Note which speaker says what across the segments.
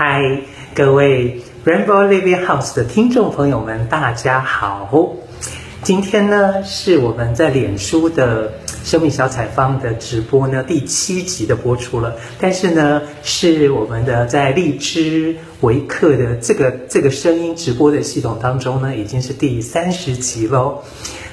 Speaker 1: 嗨，各位 Rainbow Living House 的聽眾朋友們，大家好！今天呢，是我們在臉書的生命小採訪的直播呢，第七集的播出了，但是呢，是我們的在荔枝微課的這個這個聲音直播的系統當中呢，已經是第三十集嘍。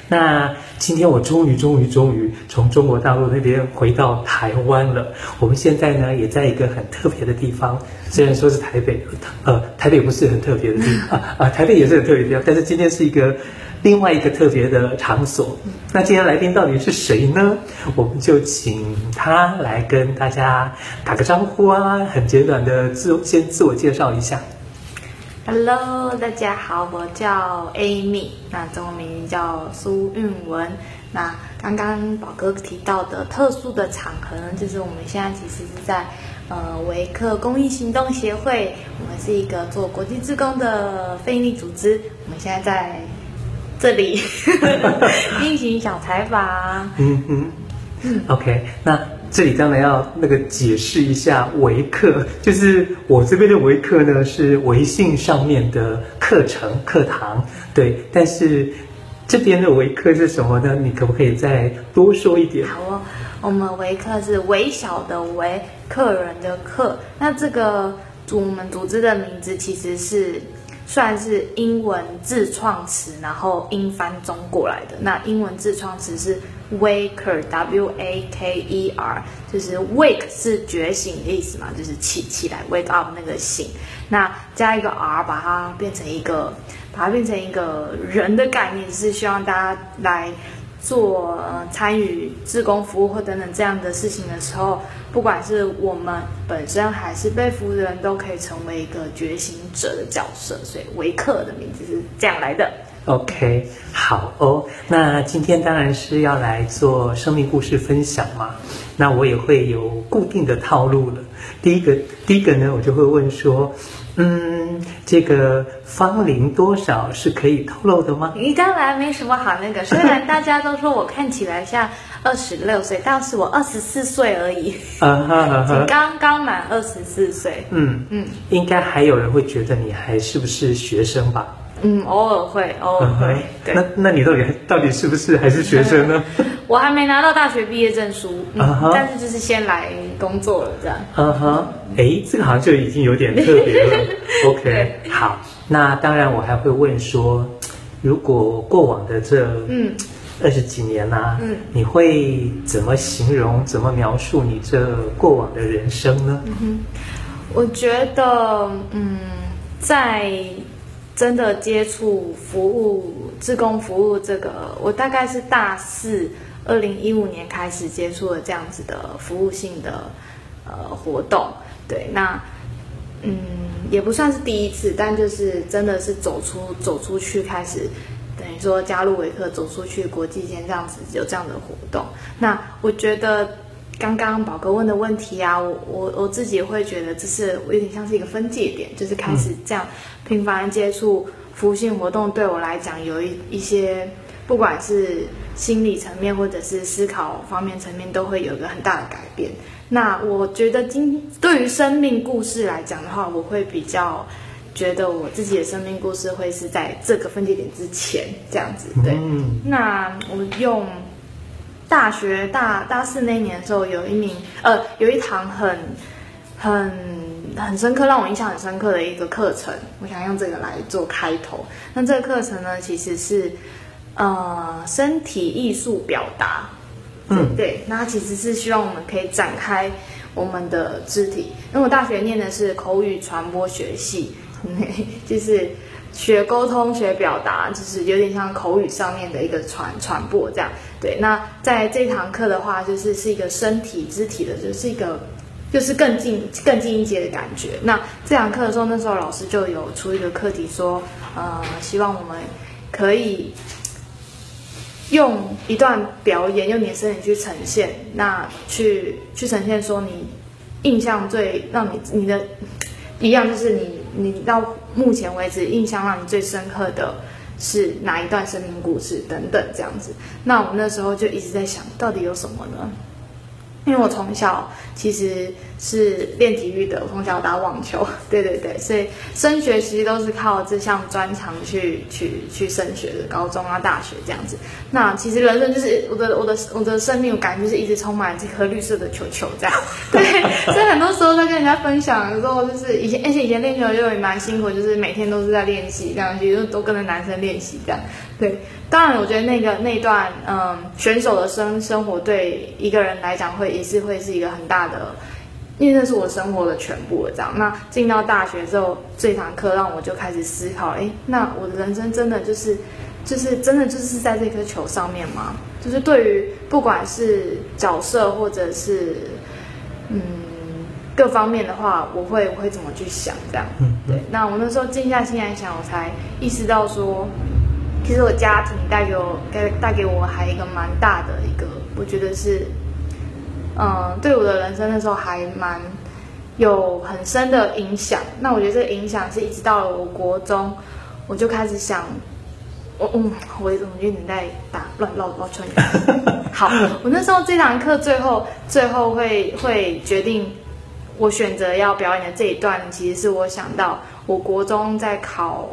Speaker 1: 那今天我終於、終於、終於從中國大陸那邊回到台灣了。我們現在呢，也在一個很特別的地方，雖然說是台北，呃，台北不是很特別的地方啊、呃，台北也是很特別的地方，但是今天是一個另外一個特別的場所。那今天來賓到底是誰呢？我們就請他來跟大家打個招呼啊，很簡短的自，先自我介紹一下。
Speaker 2: Hello，大家好，我叫 Amy，那中文名叫蘇韻文，那剛剛寶哥提到的特殊的場合呢，就是我們現在其實是在呃微客公益行動協會，我們是一個做國際志工的非營利組織，我們現在在這裡進行小採訪。嗯 嗯
Speaker 1: ，OK，那。這裡當然要那個解釋一下微客，就是我這邊的微課呢是微信上面的課程課堂，對，但是這邊的微客是什麼呢？你可不可以再多說一點？好
Speaker 2: 哦，我們微客是微小的微、客人的客，那這個我們組織的名字其實是算是英文自創詞，然後英翻中過來的。那英文自創詞是，Waker W A K E R，就是 wake 是覺醒的意思嘛，就是起起來 wake up 那個醒，那加一個 R 把它變成一個，把它變成一個人的概念，就是希望大家來做呃參與志工服務或等等這樣的事情的時候，不管是我們本身還是被服務的人都可以成為一個覺醒者的角色，所以微客的名字是這樣來的。
Speaker 1: OK，好哦。那今天當然是要來做生命故事分享嘛。那我也會有固定的套路了。第一個，第一個呢，我就會問說，嗯，這個芳齡多少是可以透露的嗎？
Speaker 2: 當然沒什麼好那個。雖然大家都說我看起來像二十六歲， 但是我二十四歲而已。哈、
Speaker 1: uh、uh-huh, uh-huh。剛
Speaker 2: 剛滿二十四歲。嗯嗯。
Speaker 1: 應該還有人會覺得你還是不是學生吧？
Speaker 2: 嗯，偶爾會，
Speaker 1: 偶爾會。Uh -huh. 對，那那你到底到底是不是還是學生呢？嗯、
Speaker 2: 我還沒拿到大學畢業證書，嗯 uh -huh. 但是就是先來工作了
Speaker 1: 這樣。嗯哼，哎，這個好像就已經有點特別了。 OK，好，那當然我還會問說，如果過往的這嗯二十幾年呢、啊，嗯，你會怎麼形容、怎麼描述你這過往的人生呢？嗯
Speaker 2: 我覺得嗯在。真的接觸服務，志工服務這個，我大概是大四，二零一五年開始接觸了這樣子的服務性的，呃，活動。對，那，嗯，也不算是第一次，但就是真的是走出走出去，開始，等於說加入微客走出去國際間這樣子有這樣的活動。那我覺得。剛剛寶哥問的問題啊，我我我自己也會覺得，這是我有點像是一個分界點，就是開始這樣頻繁接觸服務性活動，對我來講有一一些，不管是心理層面或者是思考方面層面，都會有一個很大的改變。那我覺得今對於生命故事來講的話，我會比較覺得我自己的生命故事會是在這個分界點之前這樣子。對，那我用。大學大大四那一年的時候，有一名呃，有一堂很很很深刻，讓我印象很深刻的一個課程。我想用這個來做開頭。那這個課程呢，其實是呃，身體藝術表達，嗯。對，那其實是希望我們可以展開我們的肢體。那我大學念的是口語傳播學系，就是。學溝通、學表達，就是有點像口語上面的一個傳傳播這樣。對，那在這堂課的話，就是是一個身體肢體的，就是一個，就是更進更進一階的感覺。那這堂課的時候，那時候老師就有出一個課題，說，呃，希望我們可以用一段表演，用你的身體去呈現，那去去呈現說你印象最讓你你的一樣，就是你你到。目前為止，印象讓你最深刻的是哪一段生命故事？等等，這樣子，那我那時候就一直在想，到底有什麼呢？因為我從小其實。是練體育的，從小打網球，對對對，所以升學其實都是靠這項專長去去去升學的，高中啊、大學這樣子。那其實人生就是我的我的我的生命，感覺就是一直充滿這顆綠色的球球這樣。對，所以很多時候在跟人家分享的時候，就是以前，而且以前練球就也蠻辛苦，就是每天都是在練習這樣子，就都跟着男生練習這樣。對，當然我覺得那個那段嗯選手的生生活對一個人來講會也是會是一個很大的。因為那是我生活的全部了，這樣。那進到大學之後，這堂課讓我就開始思考：哎，那我的人生真的就是，就是真的就是在這顆球上面嗎？就是對於不管是角色或者是嗯各方面的話，我會我會怎麼去想？這樣、嗯。對。那我那時候靜下心來想，我才意識到說，其實我的家庭帶給我帶帶給我還一個蠻大的一個，我覺得是。嗯，對我的人生那時候還蠻有很深的影響。那我覺得這個影響是一直到了我國中，我就開始想，我、哦、嗯，我怎麼覺得你在打亂亂亂串。好，我那時候這堂課最後最後會會決定我選擇要表演的這一段，其實是我想到我國中在考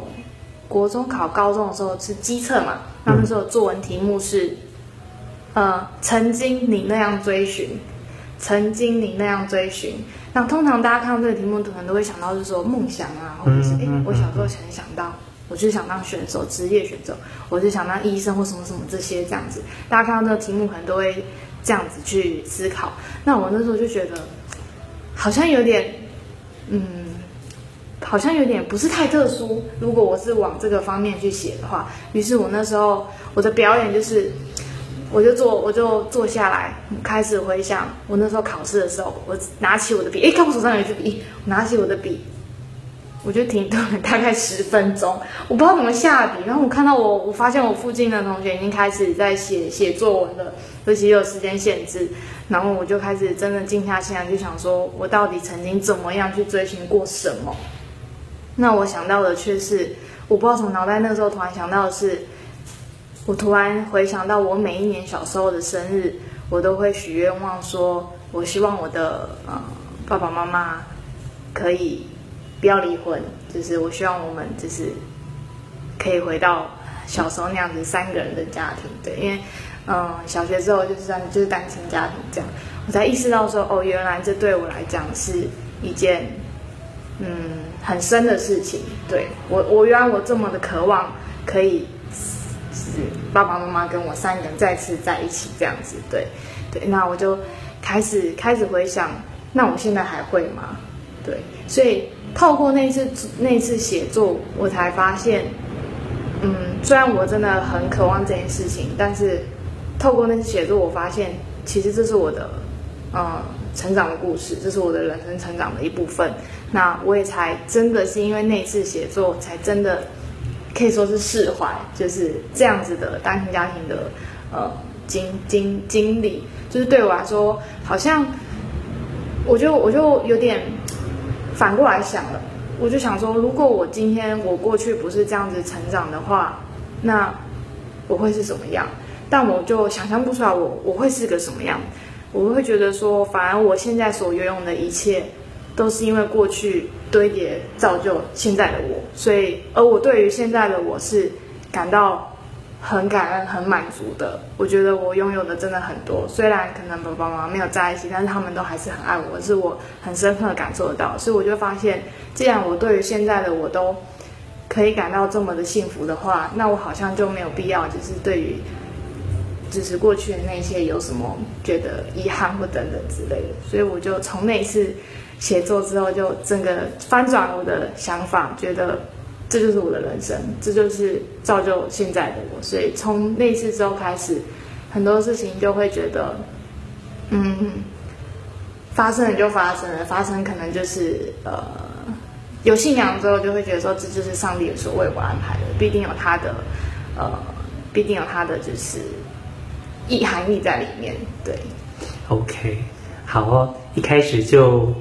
Speaker 2: 國中考高中的時候是基測嘛，那個、時候作文題目是，呃、嗯，曾經你那樣追尋。曾經你那樣追尋，那通常大家看到這個題目，可能都會想到，就是說夢想啊，或者是哎、欸，我小時候曾想，想到，我就想當選手，職業選手，我就想當醫生或什麼什麼這些這樣子。大家看到這個題目，可能都會這樣子去思考。那我那時候就覺得，好像有點，嗯，好像有點不是太特殊。如果我是往這個方面去寫的話，於是我那時候我的表演就是。我就坐，我就坐下來，開始回想我那時候考試的時候。我拿起我的筆，哎、欸，看我手上有一支筆，我拿起我的筆，我就停頓了大概十分鐘，我不知道怎麼下筆。然後我看到我，我發現我附近的同學已經開始在寫寫作文了，而且有時間限制。然後我就開始真的靜下心來，就想說我到底曾經怎麼樣去追尋過什麼？那我想到的卻是，我不知道從腦袋那個時候突然想到的是。我突然回想到，我每一年小時候的生日，我都會許願望說，說我希望我的呃、嗯、爸爸媽媽可以不要離婚，就是我希望我們就是可以回到小時候那樣子三個人的家庭，對，因為嗯小學之後就是單就是單親家庭這樣，我才意識到說哦，原來這對我來講是一件嗯很深的事情，對，我我原來我這麼的渴望可以。爸爸媽媽跟我三個人再次在一起這樣子，對，對，那我就開始開始回想，那我現在還會嗎？對，所以透過那次那次寫作，我才發現，嗯，雖然我真的很渴望這件事情，但是透過那次寫作，我發現其實這是我的，呃，成長的故事，這是我的人生成長的一部分。那我也才真的是因為那次寫作，才真的。可以說是釋懷，就是這樣子的單親家庭的，呃，經經經歷，就是對我來說，好像，我就我就有點反過來想了，我就想說，如果我今天我過去不是這樣子成長的話，那我會是什麼樣？但我就想象不出來我，我我會是個什麼樣？我會覺得說，反而我現在所擁有的一切，都是因為過去。堆疊造就現在的我，所以而我對於現在的我是感到很感恩、很滿足的。我覺得我擁有的真的很多，雖然可能爸爸媽媽沒有在一起，但是他們都還是很愛我，是我很深刻的感受到。所以我就發現，既然我對於現在的我都可以感到這麼的幸福的話，那我好像就沒有必要就是對於只是過去的那些有什麼覺得遺憾或等等之類的。所以我就從那次寫作之後，就整個翻轉我的想法，覺得這就是我的人生，這就是造就我現在的我。所以從那次之後開始，很多事情就會覺得，嗯，發生了就發生了，發生可能就是呃，有信仰之後就會覺得說，這就是上帝所為我安排的，必定有他的，呃，必定有他的就是意含義在裡面。
Speaker 1: 對，OK。好哦，一開始就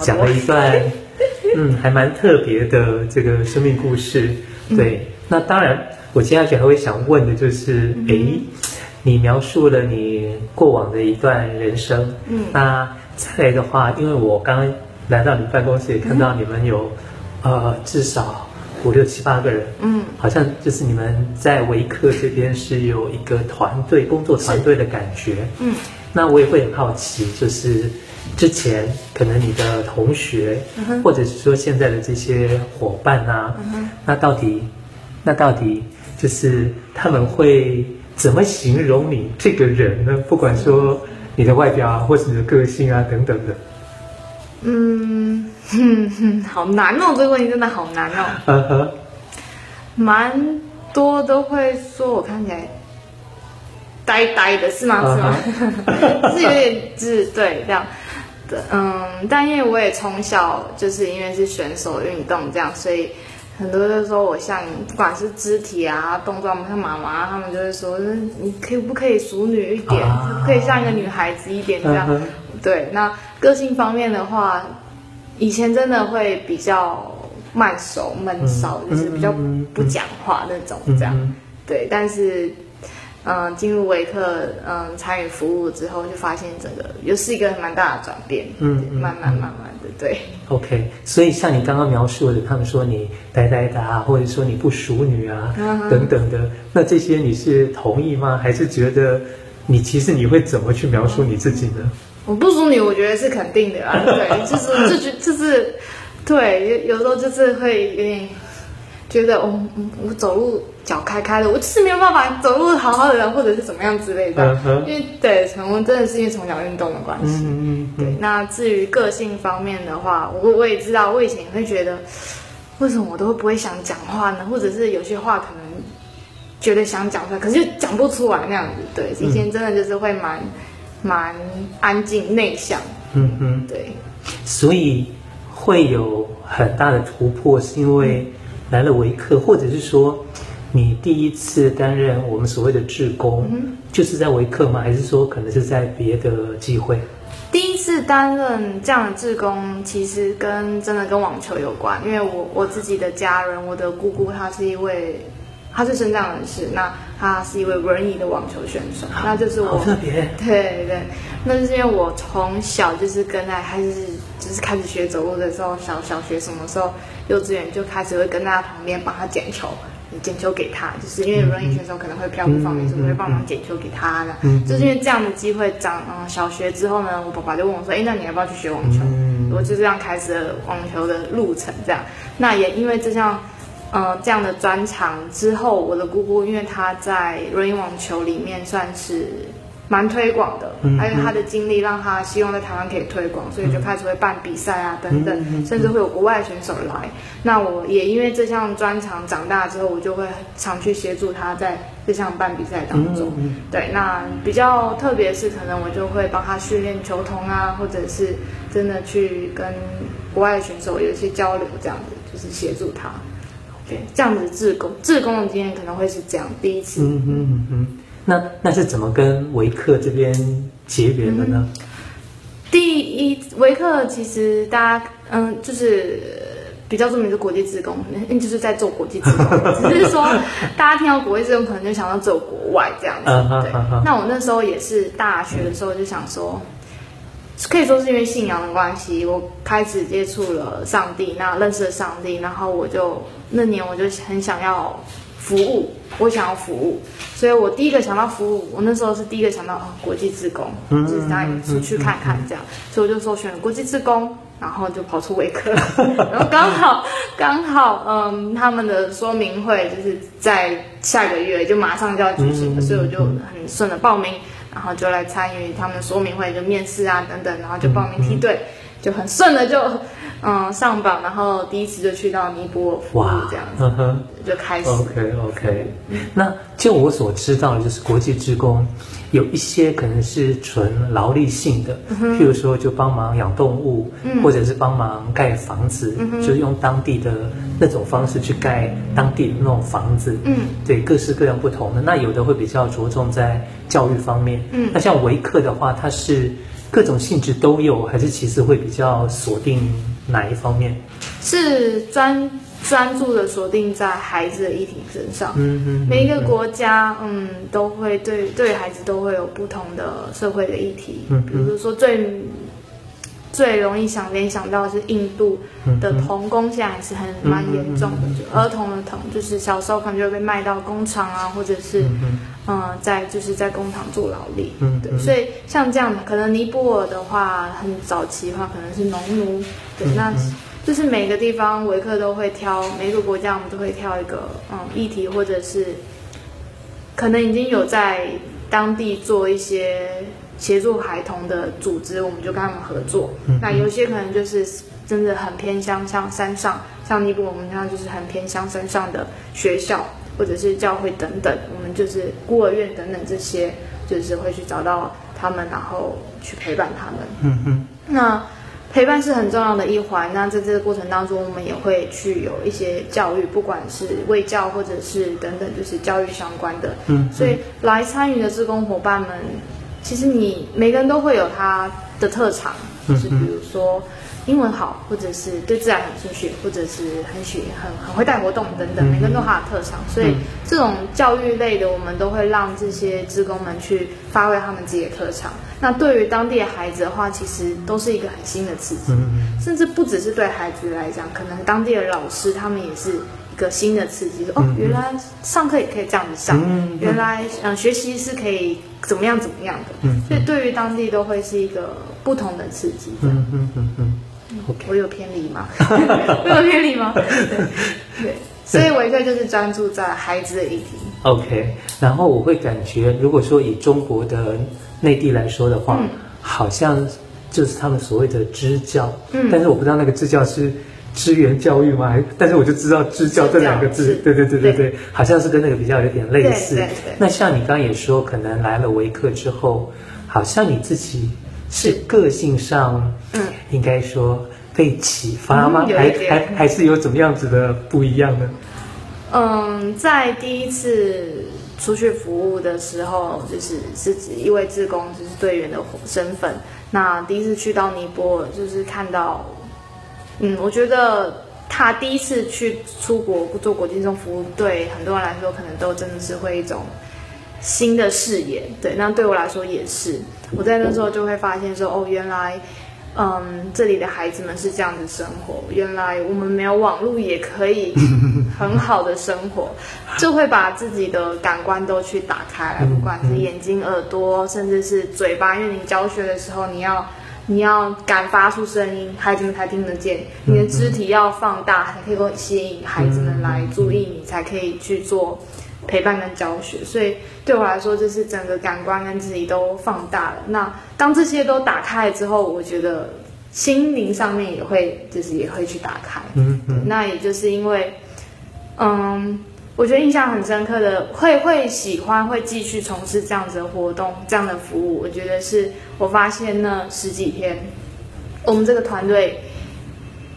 Speaker 1: 講了一段， 嗯，還蠻特別的這個生命故事。對，嗯、那當然，我接下去還會想問的就是，哎、嗯，你描述了你過往的一段人生。嗯，那再來的話，因為我剛,剛來到你辦公室，也看到你們有、嗯，呃，至少五六七八個人。嗯，好像就是你們在微客這邊是有一個團隊 工作團隊的感覺。嗯。那我也會很好奇，就是之前可能你的同學，uh -huh. 或者是說現在的這些夥伴啊，uh -huh. 那到底，那到底就是他們會怎麼形容你這個人呢？不管說你的外表啊，或者是你的個性啊等等的。嗯，呵
Speaker 2: 呵好難哦，這個問題真的好難哦。嗯、uh -huh. 蠻多都會說我看起來。呆呆的是嗎？是嗎？Uh -huh. 是有點，就是對這樣。對，嗯，但因為我也從小就是因為是選手運動這樣，所以很多人說我像，不管是肢體啊動作啊，我們像媽媽他們就會說，你可以不可以淑女一點，uh -huh. 可不可以像一個女孩子一點這樣。Uh -huh. 對，那個性方面的話，以前真的會比較慢熟悶騷，就是比較不講話那種這樣。Uh -huh. 對，但是。嗯，進入微客嗯，參與服務之後，就發現這個又，就是一個蠻大的轉變。嗯，嗯，嗯，嗯慢慢慢慢的，對。
Speaker 1: O、okay, K，所以像你剛剛描述的，他們說你呆呆的啊，或者說你不淑女啊，嗯，等等的，那這些你是同意嗎？還是覺得你其實你會怎麼去描述你自己呢？
Speaker 2: 嗯，我不淑女，我覺得是肯定的啊。對，就是，就是，就是，對，有時候就是會有點覺得，我，哦，我走路。腳開開的，我就是沒有辦法走路好好的人，或者是怎麼樣之類的。Uh -huh. 因為對，成功真的是因為從小運動的關係。Uh
Speaker 1: -huh. 對，那
Speaker 2: 至於個性方面的話，我我也知道，我以前也會覺得，為什麼我都不會想講話呢？或者是有些話可能覺得想講出來，可是又講不出來那樣子。對，以前真的就是會蠻、uh -huh. 蠻安靜、內向。嗯哼，對。
Speaker 1: 所以會有很大的突破，是因為來了微客，uh -huh. 或者是說。你第一次擔任我們所謂的志工，嗯，就是在微客嗎？還是說可能是在別的機會？
Speaker 2: 第一次擔任這樣的志工，其實跟真的跟網球有關，因為我我自己的家人，我的姑姑她是一位，她是身障人士，那她是一位文藝的網球選手，那就是我。特別。對對，對，那就是因為我從小就是跟在，那個，還是，就是開始學走路的時候，小小學什麼時候，幼稚園就開始會跟在旁邊幫他撿球。撿球給他，就是因為 running 選手可能會飄、嗯、不方便，所以會幫忙撿球給他的、嗯、就是因為這樣的機會長，長、呃、嗯小學之後呢，我爸爸就問我說：“哎，那你要不要去學網球？”嗯、我就這樣開始了網球的路程。這樣，那也因為就像呃，這樣的專長之後，我的姑姑因為她在 running 網球裡面算是，蠻推廣的，還有他的經歷讓他希望在台灣可以推廣，所以就開始會辦比賽啊等等，甚至會有國外的選手來。那我也因為這項專長，長大之後我就會常去協助他在這項辦比賽當中。對，那比較特別是可能我就會幫他訓練球童啊，或者是真的去跟國外的選手有一些交流，這樣子就是協助他。對，這樣子志工，志工的經驗可能會是這樣，第一次。嗯
Speaker 1: 嗯嗯。那那是怎麼跟微客這邊結緣的呢、嗯？
Speaker 2: 第一，微客其實大家嗯，就是比較著名的是國際志工，就是在做國際志工， 只是說大家聽到國際志工可能就想到走國外這樣子。
Speaker 1: 啊、哈哈對。那
Speaker 2: 我那時候也是大學的時候，就想說、嗯，可以說是因為信仰的關係，我開始接觸了上帝，那認識了上帝，然後我就那年我就很想要。服務，我想要服務，所以我第一個想到服務。我那時候是第一個想到、啊、國際志工，就是大家出去看看這樣，所以我就說選了國際志工，然後就跑出微客， 然後剛好剛好嗯，他們的說明會就是在下個月就馬上就要舉行了、嗯，所以我就很順的報名，然後就來參與他們的說明會，就面試啊等等，然後就報名梯隊。就很順的就，嗯，上榜，然後第一次就去到尼泊爾，哇，這樣子、嗯、就
Speaker 1: 開始。OK OK，那就我所知道的就是國際志工，有一些可能是純勞力性的、嗯，譬如說就幫忙養動物、嗯，或者是幫忙蓋房子、嗯，就是用當地的那種方式去蓋當地的那種房子。嗯，對，各式各樣不同的，那有的會比較着重在教育方面。嗯，那像微客的話，他是。各種性質都有，還是其實會比較鎖定哪一方面？
Speaker 2: 是專專注的鎖定在孩子的議題身上。嗯嗯
Speaker 1: 嗯，每一
Speaker 2: 個國家，嗯，都會對對孩子都會有不同的社會的議題。嗯嗯，比如說最。最容易想聯想到的是印度的童工，現在還是很蠻嚴重的。就兒童的童，就是小時候可能就會被賣到工廠啊，或者是，嗯，在就是在工廠做勞力。嗯，對。所以像這樣，可能尼泊爾的話，很早期的話，可能是農奴。對，嗯、那就是每個地方微客都會挑，每個國家我們都會挑一個，嗯，議題或者是，可能已經有在當地做一些。協助孩童的組織，我們就跟他們合作。那有些可能就是真的很偏鄉像山上，像尼泊爾，我們那樣就是很偏鄉山上的學校，或者是教會等等，我們就是孤兒院等等這些，就是會去找到他們，然後去陪伴他們。嗯，嗯，那陪伴是很重要的一環。那在這個過程當中，我們也會去有一些教育，不管是衛教或者是等等，就是教育相關的嗯。嗯。所以來參與的志工夥伴們。其實你每個人都會有他的特長，就是比如說英文好，或者是對自然很興趣，或者是很喜很很會帶活動等等，每個人都有他的特長。所以這種教育類的，我們都會讓這些志工們去發揮他們自己的特長。那對於當地的孩子的話，其實都是一個很新的刺激，甚至不只是對孩子來講，可能當地的老師他們也是一個新的刺激哦，原來上課也可以這樣子上，嗯嗯嗯、原來嗯學習是可以怎麼樣怎麼樣的、嗯嗯，所以對於當地都會是一個不同的刺激。嗯
Speaker 1: 嗯
Speaker 2: 嗯嗯，嗯嗯嗯嗯 okay. 我有偏離嗎？我 有偏離嗎 對？對，所以我一個就是專注在孩子的議題。
Speaker 1: OK，然後我會感覺，如果說以中國的內地來說的話、嗯，好像就是他們所謂的支教、嗯，但是我不知道那個支教是。支援教育嗎、嗯？但是我就知道“支教”這兩個字，對對對對對，對，好像是跟那個比較有點類似，對對對對。那像你剛剛也說，可能來了微客之後，好像你自己是個性上，嗯，應該說被啟發嗎？嗯、還還還是有怎麼樣子的不一樣呢？
Speaker 2: 嗯，在第一次出去服務的時候，就是是指一位志工，就是隊員的身份。那第一次去到尼泊爾，就是看到。嗯，我覺得他第一次去出國做國際志工服務隊，對很多人來說可能都真的是會一種新的視野。對，那對我來說也是。我在那時候就會發現說，哦，原來，嗯，這裡的孩子們是這樣子生活，原來我們沒有網絡也可以很好的生活，就會把自己的感官都去打開來，不管是眼睛、耳朵，甚至是嘴巴，因為你教學的時候你要。你要敢發出聲音，孩子們才聽得見。你的肢體要放大，才可以吸引孩子們來注意你，你才可以去做陪伴跟教學。所以對我來說，就是整個感官跟自己都放大了。那當這些都打開之後，我覺得心靈上面也會，就是也會去打開。嗯嗯。那也就是因為，嗯。我覺得印象很深刻的，會會喜歡，會繼續從事這樣子的活動，這樣的服務。我覺得是我發現那十幾天，我們這個團隊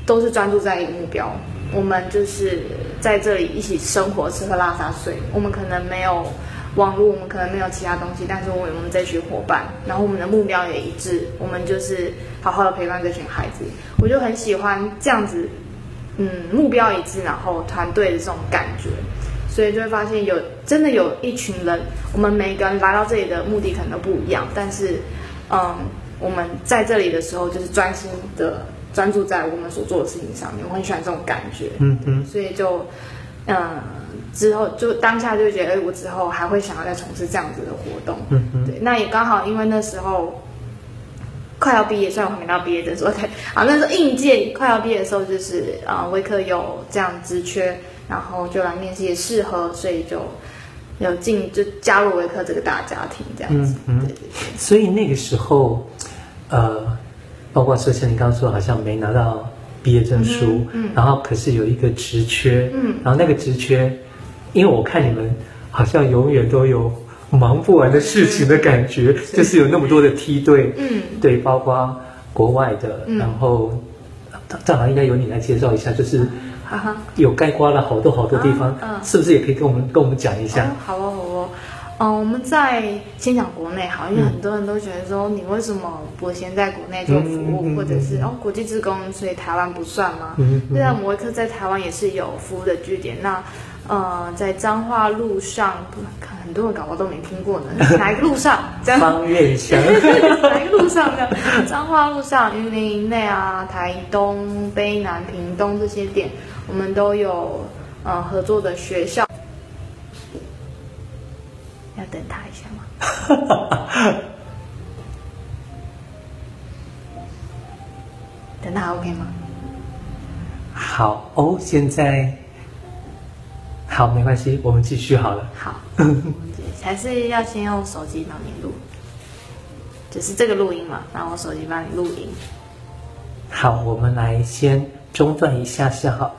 Speaker 2: 都是專注在一個目標。我們就是在這裡一起生活，吃喝拉撒睡。我們可能沒有網絡，我們可能沒有其他東西，但是我們我們這群夥伴，然後我們的目標也一致。我們就是好好的陪伴這群孩子。我就很喜歡這樣子，嗯，目標一致，然後團隊的這種感覺。所以就會發現有真的有一群人，我們每個人來到這裡的目的可能都不一樣，但是，嗯，我們在這裡的時候就是專心的專注在我們所做的事情上面，我很喜歡這種感覺，嗯嗯。所以就，嗯，之後就當下就會覺得、欸、我之後還會想要再從事這樣子的活動，嗯嗯。對，那也剛好因為那時候快要畢業，雖然我還沒到畢業的時候，啊，那時候應屆快要畢業的時候就是啊，微、嗯、客有這樣子缺。然後就來面試，也適合，所以就有，要進就加入微客這個大家庭
Speaker 1: 這樣子。嗯，嗯，對對對，所以那個時候，呃，包括說像你剛剛說好像沒拿到畢業證書，嗯，嗯，然後可是有一個職缺，嗯，嗯，然後那個職缺，因為我看你們好像永遠都有忙不完的事情的感覺，嗯、就是有那麼多的梯隊，嗯，對，包括國外的，嗯、然後，正好應該由你來介紹一下，就是。有概括了好多好多地方、啊啊，是不是也可以跟我們跟我們講一下？啊、好
Speaker 2: 哦好哦，嗯，我們在先講國內好，因為很多人都覺得說你為什麼不先在國內做服務、嗯嗯嗯，或者是哦國際志工，所以台灣不算嗎？對、嗯、啊，微、嗯、客、嗯、在，在台灣也是有服務的據點，那。呃，在彰化路上，不很多的港我都沒聽過呢。哪一個路上？芳苑鄉。哪一個路上呢？彰化路上、雲林內啊、台東、卑南、屏東這些點，我們都有呃合作的學校。要等他一下嗎？ 等他 OK 嗎？
Speaker 1: 好哦，現在。好，沒關係，我們繼續好了。好，
Speaker 2: 還 是要先用手機幫你錄，就是這個錄音嘛，然後我手機幫你錄音。
Speaker 1: 好，我們來先
Speaker 2: 中斷一下，先好。